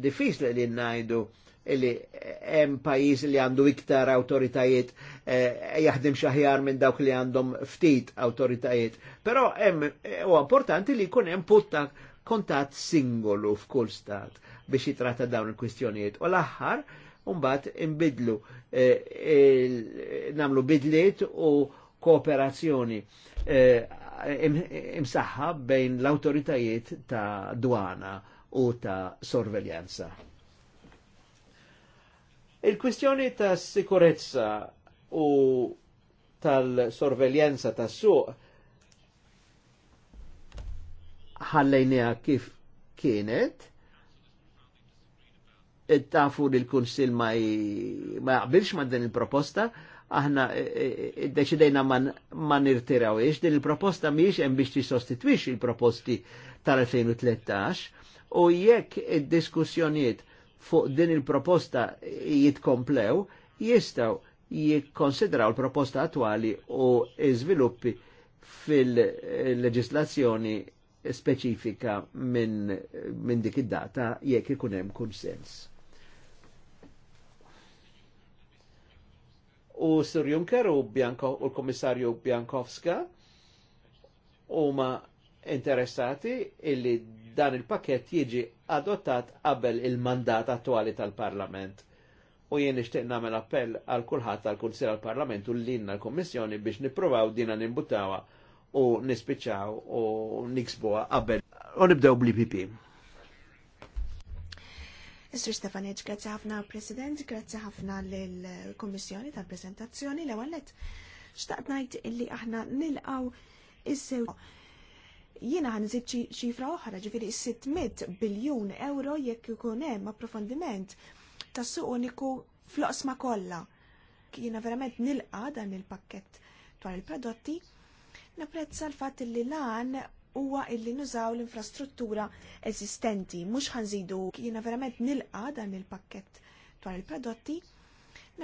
diffiċli li ngħidu uh, li hemm pajjiż li għandu iktar awtoritajiet eh, jaħdem xaħjar minn dawk li għandhom ftit awtoritajiet. Però hemm eh, huwa importanti li jkun hemm putta kontat singolu f'kull stat biex jitrata dawn il-kwistjonijiet. U l-aħħar mbagħad inbidlu nagħmlu eh, namlu bidliet u kooperazzjoni eh, imsaħħa bejn l awtoritajiet ta' dwana u ta' sorveljanza. Il-kwistjoni ta' sikurezza u tal-sorveljenza tas suq ħallejnija kif kienet tafu li l-Kunsil ma jaqbilx ma din il-proposta aħna e, e, e, deċidejna ma nirtirawiex din il-proposta miex hemm biex sostitwix il-proposti tal-2013 u jekk id-diskussjonijiet fuq din il-proposta jitkomplew, jistaw jikkonsidraw l-proposta attuali u iżviluppi fil-leġislazzjoni specifika minn min dik id-data jekk ikun hemm kunsens. U Sir Juncker u, u l-Komissarju Biankowska huma interessati illi dan il-pakett jiġi adottat qabel il-mandat attuali tal-Parlament. U jien nixtieq nagħmel appell għal kulħadd għal kunsil għal parlament u l-linna l-Kommissjoni biex nippruvaw dina nimbutawa u nispiċċaw u niksbuha qabel u nibdew bl-IPP. Mr. Stefanic, grazzi ħafna President, grazzi ħafna l-Kommissjoni tal preżentazzjoni l-ewwel xtaqt ngħid illi aħna nilqgħu is-sew Jiena għan iżid ċifra oħra, ġifiri 600 biljun euro jekk ikun hemm approfondiment ta' suq uniku fl-oqsma kollha. Jiena verament nilqa dan il-pakkett dwar il-prodotti, napprezza l-fatt li lan huwa illi nużaw l-infrastruttura eżistenti, mhux ħanżidu jiena verament nilqa dan il-pakkett dwar il-prodotti,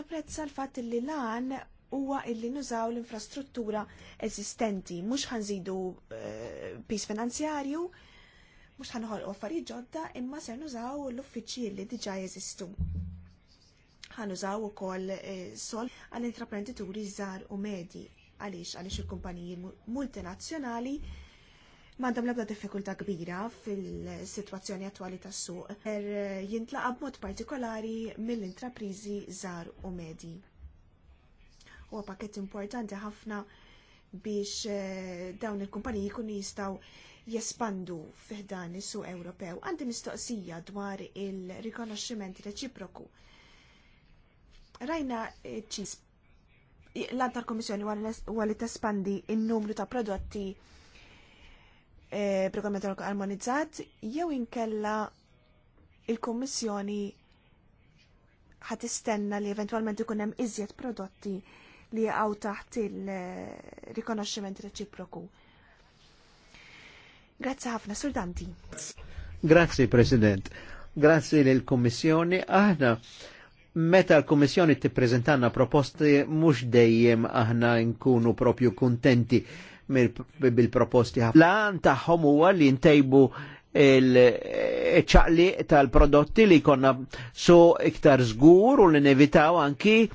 napprezza l-fatt li lan huwa illi nużaw l-infrastruttura eżistenti, mhux ħanżidu eh, pis finanzjarju, mhux ħanħolqu affarijiet ġodda, imma ser nużaw l-uffiċċji li diġà jeżistu. Ħanużaw ukoll eh, sol għall-intraprendituri żgħar u medji għaliex għaliex il-kumpaniji multinazzjonali Mandam labda diffikulta kbira fil-situazzjoni attwali tas suq er eh, jintlaqab b'mod partikolari mill-intraprizi żgħar u medji huwa pakket importanti ħafna biex eh, dawn il-kumpaniji jkunu jistgħu jespandu fiħdan is-suq Ewropew. Għandi mistoqsija dwar il-rikonoxximent reċiproku. Rajna eh, ċis l-għan tal-Komissjoni huwa li tespandi il numru ta' prodotti b'regolament eh, armonizzat jew inkella il-Kommissjoni ħat istenna li eventualment ikun hemm iżjed prodotti li għaw taħt il-rikonoxximent reċiproku. Grazzi ħafna, Sur Grazzi, President. Grazzi l-Kommissjoni. Aħna, meta l-Kommissjoni ti prezentanna proposti, mux dejjem aħna nkunu propju kontenti bil-proposti ħafna. L-għan taħħom huwa li ntejbu il-ċaqli tal-prodotti li konna so iktar zgur u li nevitaw anki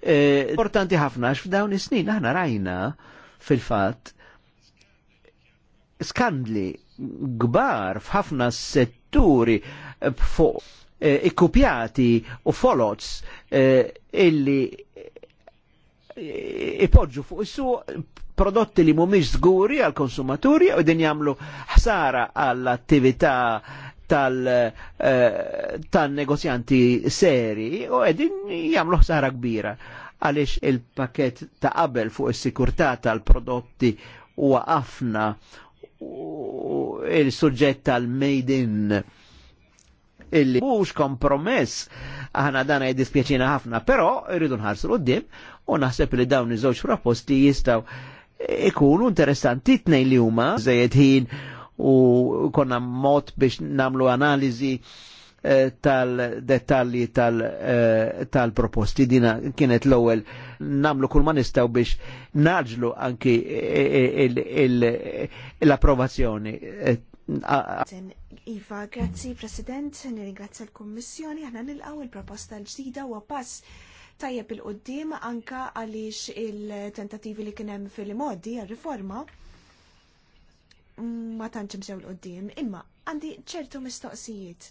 Eh, importanti ħafna f'dawn is-snin aħna rajna fil-fatt skandli gbar f'ħafna setturi fuq eh, ikkupjati u folots eh, illi ipoġġu fuq is prodotti li mhumiex żguri għall konsumaturi u din jagħmlu ħsara għall-attività tal-negozjanti eh, seri u għedin jagħmlu sara kbira għalix il-paket ta' qabel fuq is-sikurtà tal-prodotti u għafna il suġġett tal-made in illi mhux kompromess aħna dan għaj dispjaċina ħafna, però rridu nħarsu l u naħseb li dawn iż-żewġ proposti jistaw ikunu interessanti tnej li huma żejjed ħin u konna mod biex namlu analizi eh, tal-detalli eh, tal-proposti. Tal Dina kienet l-ewwel namlu kull ma nistgħu biex naġlu anki eh, l-approvazzjoni. Iva, grazzi President, nirringrazzja l-Kommissjoni, aħna nilqgħu il-proposta l-ġdida u pass tajjeb il-qoddim anka għaliex il-tentativi li kien hemm fil-modi għal-riforma ma tantx sew l-qoddim, imma għandi ċertu mistoqsijiet.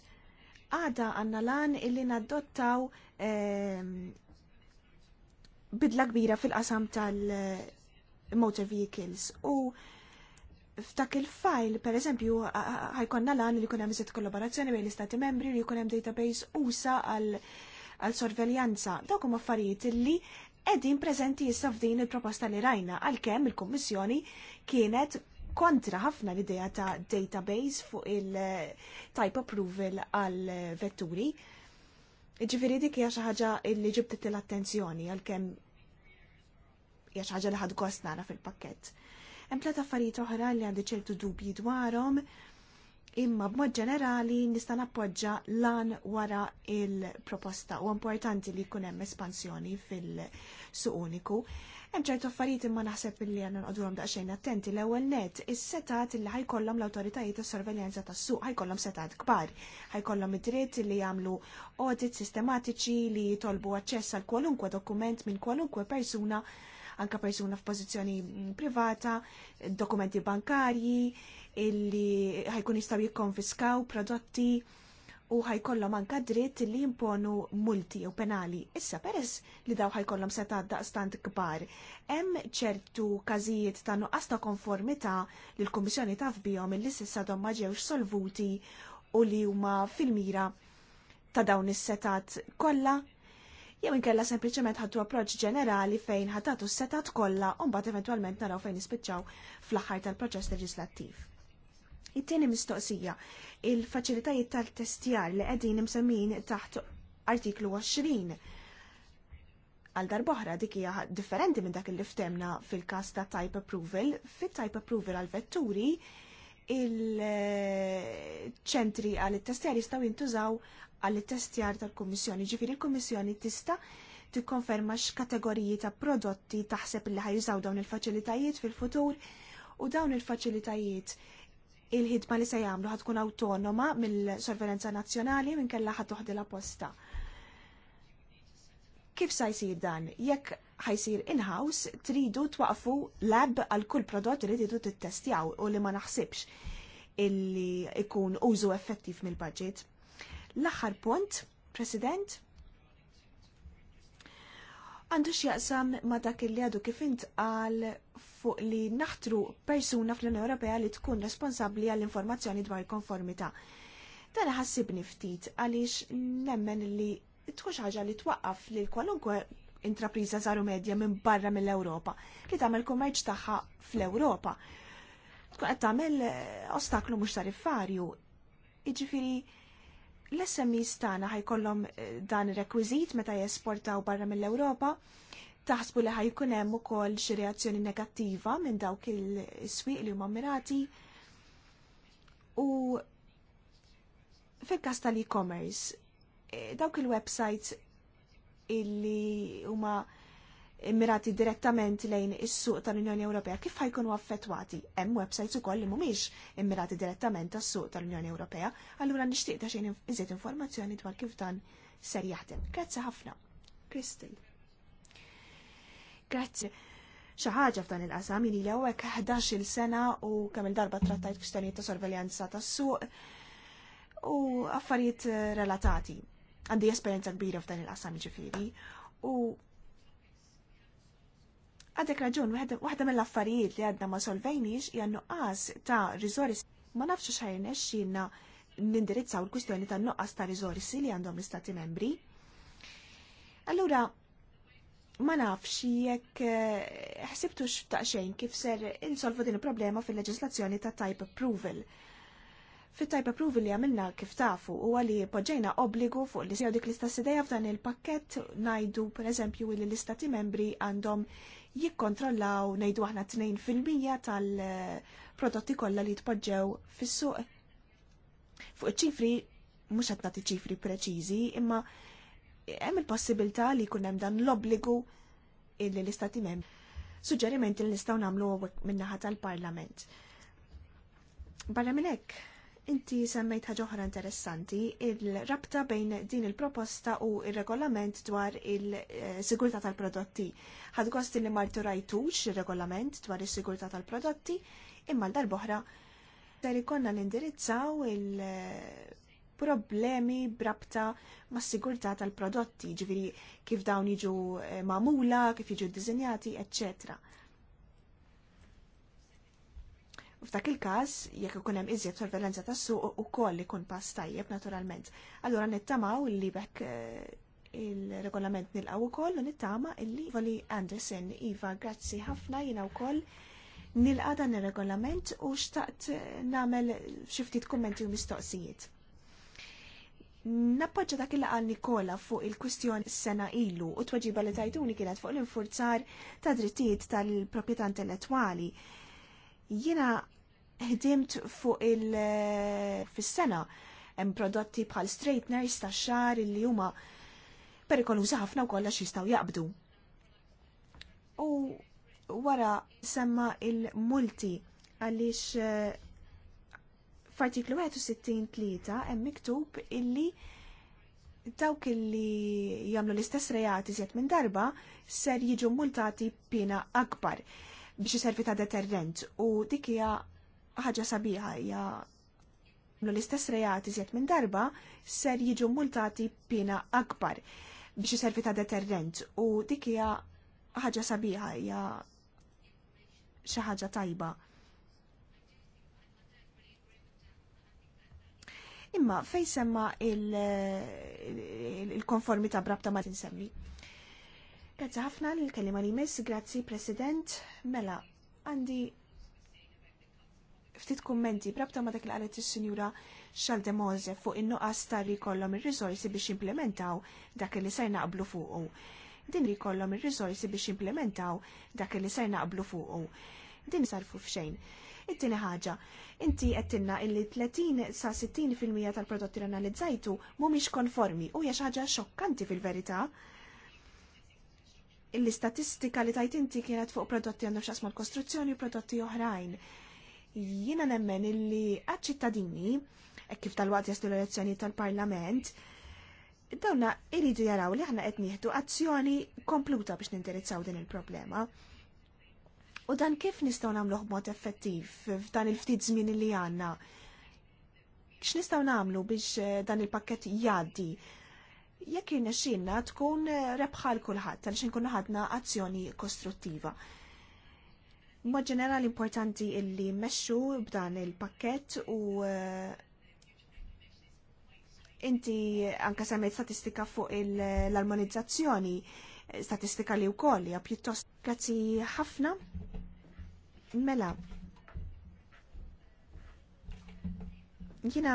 Għada għanna lan illi naddottaw ehm, bidla kbira fil-qasam tal-motor vehicles u f'dak il-file, per eżempju, ħajkonna lan li kunem zet kollaborazzjoni bejn l-istati membri li kunem database usa għal sorveljanza. Dawk huma affarijiet illi qegħdin preżenti issa f'din il-proposta li rajna għalkemm il-Kummissjoni kienet kontra ħafna l-idea ta' database fuq il-type eh, approval għal eh, vetturi. Ġifiri dik hija xi ħaġa li ġibtet l-attenzjoni għalkemm hija xi ħaġa li ħad gost nara fil-pakkett. Hemm tliet affarijiet oħra li għandi ċertu dubji dwarhom, imma b'mod ġenerali nista' nappoġġa lan wara il-proposta u importanti li jkun hemm espansjoni fil- suq uniku. Hemm ċertu affarijiet imma naħseb illi għandna nqogħdulhom daqsxejn attenti l-ewwel net is-setat li ħajkollhom l-awtoritajiet tas-sorveljanza tas-suq ħajkollhom setat kbar. Ħajkollhom id-dritt li jagħmlu audit sistematiċi li jitolbu aċċess għal kwalunkwe dokument minn kwalunkwe persuna anka persuna f'pożizzjoni mm, privata, dokumenti bankarji, illi ħajkun jistaw jikkonfiskaw prodotti u ħajkollhom anka dritt li jimponu multi u penali. Issa peress li daw ħajkollhom seta' daqstant kbar, hemm ċertu każijiet ta' nuqqas ta' konformità li l-Kummissjoni taf bihom li s'issadhom ma ġewx solvuti u li huma fil-mira ta' dawn is-setat kollha jew inkella sempliċement ħadtu approċċ ġenerali fejn ħatatu s-setat kollha u mbagħad eventwalment naraw fejn jispiċċaw fl-aħħar tal-proċess leġislattiv. It-tieni mistoqsija, il-faċilitajiet tal-testjar li qegħdin imsemmin taħt artiklu 20. Għal darboħra dik hija differenti minn dak li ftemna fil-każ ta' type approval. Fit-type approval għal vetturi il-ċentri għal testjar jistgħu jintużaw għal testjar tal-Kummissjoni. Ġifieri il kummissjoni tista' tikkonferma x'kategoriji ta' prodotti taħseb li ħajjużaw dawn il-faċilitajiet fil-futur u dawn il-faċilitajiet il-ħidma li se jagħmlu ħad tkun awtonoma mill-sorvelenza nazzjonali minn kella ħad toħdi la posta. Kif sa jsir dan? Jekk ħajsir in-house tridu twaqfu lab għal kull prodott li tridu tittestjaw u li ma naħsibx illi ikun użu effettiv mill-budget. L-aħħar punt, President, għandu x'jaqsam ma' dak li għadu kif għal fuq li naħtru persuna fl-Unjoni Ewropea li tkun responsabbli għall-informazzjoni dwar konformità. Dan ħassibni ftit għaliex nemmen li tkunx ħaġa li twaqqaf li kwalunkwe intrapriża żaru medja minn barra mill-Ewropa li tagħmel kummerċ tagħha fl-Ewropa. Tkun qed tagħmel eh, ostaklu mhux tariffarju. Jiġifieri L-SMEs tagħna ħajkollhom eh, dan ir-rekwiżit meta jesportaw barra mill-Ewropa, taħsbu li ħajkun hemm ukoll xi reazzjoni negattiva minn dawk il-swieq li huma mirati u fil-każ tal-e-commerce eh, dawk il-websites illi huma immirati direttament lejn is-suq tal-Unjoni Ewropea, kif ħajkunu affettwati? Hemm websites ukoll li mhumiex immirati direttament tas-suq tal-Unjoni Ewropea, allura nixtieq ta' xejn iżjed informazzjoni dwar kif dan ser jaħdem. Grazzi ħafna. Kristel. Grazzi. Xi ħaġa f'dan il-qasam li hawnhekk 11-il sena u kemm il-darba trattajt kwistjonijiet ta' sorveljanza tas-suq u affarijiet relatati. Għandi esperjenza kbira f'dan il-qasam ġifieri u Għadek raġun, wahda mill-affarijiet li għadna ma solvejniex hija nuqqas ta' riżorsi. Ma nafx xajn xinna nindirizzaw l kwistjoni ta' nuqqas ta' riżorsi li għandhom l-Istati membri. Allura, ma nafx jekk eh, ħsibtux ta' xejn kif ser insolvu din il-problema fil-leġislazzjoni ta' type approval. Fit-type approval li għamilna kif tafu u għali poġġejna obbligu fuq li sew dik l-istess f'dan il-pakket najdu per eżempju li l-istati membri għandhom jikkontrollaw nejdu aħna 2% tal-prodotti kollha li tpoġġew fis-suq. Fuq iċ-ċifri mhux qed nagħti ċifri preċiżi, imma hemm il-possibilità li jkun hemm dan l-obbligu illi l-istati membri. Suġġerimenti li nistgħu nagħmlu min-naħa tal-Parlament. Barra minn hekk, Inti semmejt ħaġa oħra interessanti, il-rabta bejn din il-proposta u il-regolament dwar il-sigurta tal-prodotti. Ħad gost li martu rajtux il-regolament dwar il-sigurta tal-prodotti, imma l-darboħra ser ikonna l-indirizzaw il- problemi brabta ma' sigurtà tal-prodotti, ġviri kif dawn jiġu eh, mamula, kif jiġu ddisinjati, eccetera. F'dak il-każ, jekk ikun hemm iżjed sorveljanza tas-suq ukoll ikun pass tajjeb naturalment. Allura nittamaw li bekk eh, il-regolament nilqaw ukoll u nittama illi Voli Anderson Iva, grazzi ħafna jiena wkoll nilqa dan ir-regolament u xtaqt eh, nagħmel xi ftit kummenti u mistoqsijiet. Nappoġġa dak il qal Nikola fuq il-kwistjoni sena ilu u tweġiba li tajtuni kienet fuq l-infurzar ta' drittijiet tal-proprjetà intellettwali Jiena ħdimt fuq il eh, fis-sena hemm prodotti bħal straighteners ta' xar li huma perikolużi ħafna u kollox jistgħu jaqbdu. U wara semma il-multi għaliex eh, f'artiklu 61 hemm miktub illi dawk illi jagħmlu l-istess reati żjed minn darba ser jiġu multati pina akbar biex iservi ta' deterrent u dik hija ħaġa sabiħa hija l-istess reati iżjed minn darba ser jiġu multati pina akbar biex iservi ta' deterrent u dik hija ħaġa sabiħa hija xi ħaġa tajba. Imma fej semma il-konformita il, il brabta ma tinsemmi. Grazie ħafna l kelima li miss, grazzi President. Mela, għandi ftit kommenti, brabta ma dak li qalet is-Sinjura Xalde fuq in-nuqqas ta' li jkollhom ir-riżorsi biex implementaw dak li ser naqblu fuqu. Din li jkollhom ir-riżorsi biex implementaw dak li ser naqblu u. Din sarfu f'xejn. It-tieni ħaġa, inti għettinna illi 30 sa 60% tal-prodotti li analizzajtu mhumiex konformi u hija xi ħaġa xokkanti fil-verità l-istatistika li tajt inti kienet fuq prodotti għandu xasmu l-kostruzzjoni u prodotti oħrajn. Jiena nemmen illi għad-ċittadini, e kif tal-waqt jastu l-elezzjoni tal-parlament, dawna iridu jaraw li ħna qed nieħdu azzjoni kompluta biex nindirizzaw din il-problema. U dan kif nistgħu nagħmluh mod effettiv f'dan il-ftit żmien li għandna? X'nistgħu nagħmlu biex eh, dan il-pakkett jgħaddi? jekk irnexxinna tkun eh, rebħal kulħadd għaliex inkunu ħadna azzjoni kostruttiva. Mod ġenerali importanti illi mmexxu b'dan il-pakkett u eh, inti anke semmejt statistika fuq l-armonizzazzjoni, eh, statistika li wkoll hija pjuttost grazzi ħafna. Mela, Jiena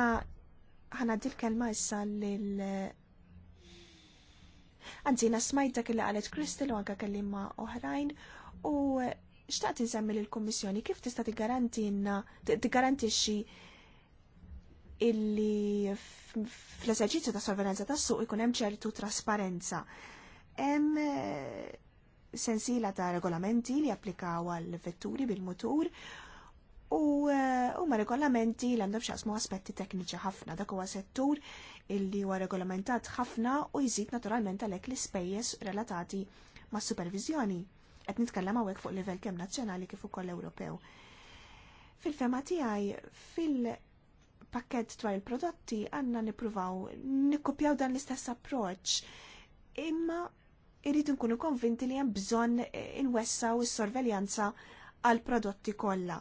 ħana dil kelma issa lil Anzi, il kelli għalet Kristel u għanka kellimma oħrajn u xtaqt nsemmi l komissjoni kif tista' tigarantinna tigarantixxi illi fl-eżerċizzju ta' sovranza tas-suq ikun hemm ċertu trasparenza. Hemm eh, sensila ta' regolamenti li applikaw għal vetturi bil-mutur u eh, huma regolamenti li għandhom x'jaqsmu aspetti tekniċi ħafna dak huwa settur illi huwa regolamentat ħafna u jżid naturalment għalhekk l-ispejjeż relatati mas supervizjoni qed nitkellem hawnhekk fuq livell kemm nazzjonali kif ukoll Ewropew. Fil-fema tiegħi fil pakket dwar il-prodotti għandna nippruvaw nikkupjaw dan l-istess approċċ imma irrid nkunu konvinti li hemm bżonn inwessaw is-sorveljanza għal prodotti kollha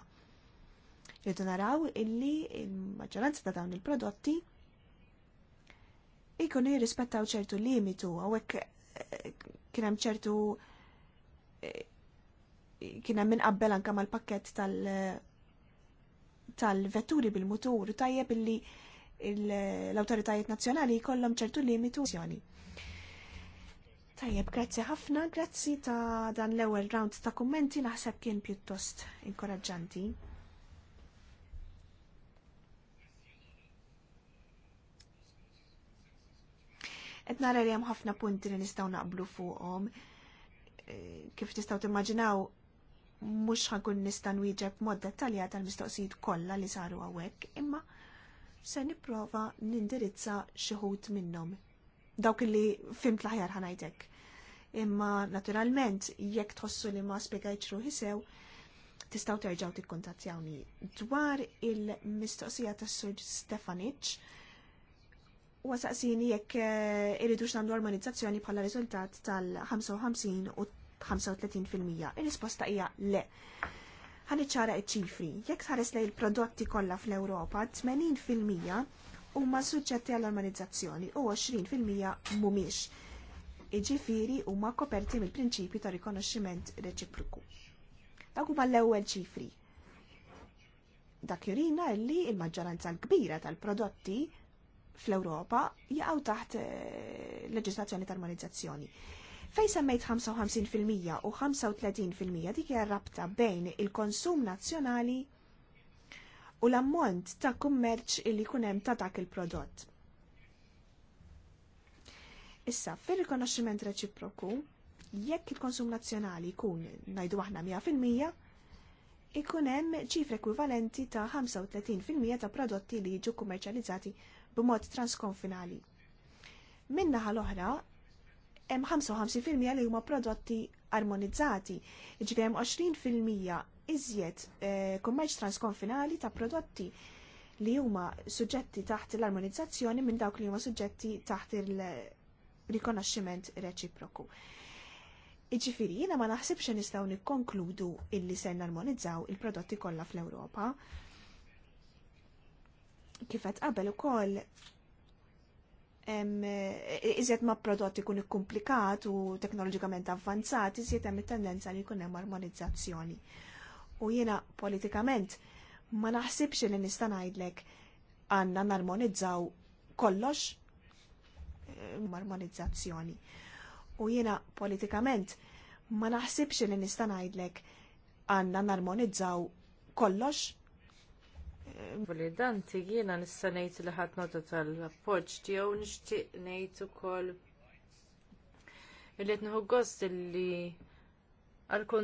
Rridu naraw illi il-maġġoranza ta' dawn il-prodotti ikunu jirrispettaw ċertu limitu għawek eh, kienem ċertu eh, kienem minn qabbel anka mal-pakket tal- tal-vetturi bil-mutur tajjeb illi l-autoritajiet nazzjonali jkollhom ċertu limitu. Tajjeb, grazzi ħafna, grazzi ta' dan l-ewwel round ta' kummenti naħseb kien pjuttost inkoraġġanti. qed nara li hemm ħafna punti li nistgħu naqblu fuqhom. Eh, kif tistgħu timmaġinaw mhux ħankun nista' nwieġeb mod dettalja tal-mistoqsijiet kollha li saru hawnhekk, imma se nipprova nindirizza xi minnom. minnhom. Dawk li fimt laħjar ħanajtek. Imma naturalment jekk tħossu li ma spjegajtx ruħi sew, tistgħu terġgħu tikkuntattjawni dwar il-mistoqsija tas-Sur Stefanic wasaqsini jekk eh, irridu x'namlu armonizzazzjoni bħala riżultat tal-55 u 35%. Ir-risposta hija le. Ħaniċċara iċ-ċifri. Jekk ħares lej il-prodotti kollha fl-Ewropa, 80% huma suġġetti għall-armonizzazzjoni u 20% mhumiex. Iġifieri huma koperti mill-prinċipju ta' rikonoxximent reċiproku. Dak huma l-ewwel ċifri. Dak jurina illi l-maġġoranza l-kbira tal-prodotti fl-Ewropa jaqgħu taħt eh, leġislazzjoni tal-armonizzazzjoni. Fej semmejt 55% u 35% dik hija rabta bejn il-konsum nazzjonali u l-ammont ta' kummerċ li jkun hemm ta' dak il-prodott. Issa, fir-rikonoxximent reċiproku, jekk il-konsum nazzjonali jkun najdu aħna 100%, ikun hemm ċifra ekwivalenti ta' 35% ta' prodotti li jiġu kummerċjalizzati b'mod transkonfinali. Minna l-oħra, hemm 55% li huma prodotti armonizzati, ġifieri hemm 20% iżjed eh, kummerċ transkonfinali ta' prodotti li huma suġġetti taħt l-armonizzazzjoni minn dawk li huma suġġetti taħt il-rikonoxximent reċiproku. Iġifiri, jiena ma naħsibx nistgħu nikkonkludu illi se narmonizzaw il-prodotti kollha fl-Ewropa, kifet qabel ukoll iżjed ma' prodotti kun ikkumplikat u teknoloġikament avvanzat, iżjed hemm it-tendenza li jkun hemm armonizzazzjoni. U jiena politikament ma naħsibx li nista' ngħidlek għandna narmonizzaw kollox marmonizzazzjoni. U jiena politikament ma naħsibx li nista' ngħidlek għandna narmonizzaw kollox Validanti jiena nista' ngħid li ħadd nota tal-appoġġ tiegħu nixtieq ngħid ukoll li Illi nieħu gost illi għal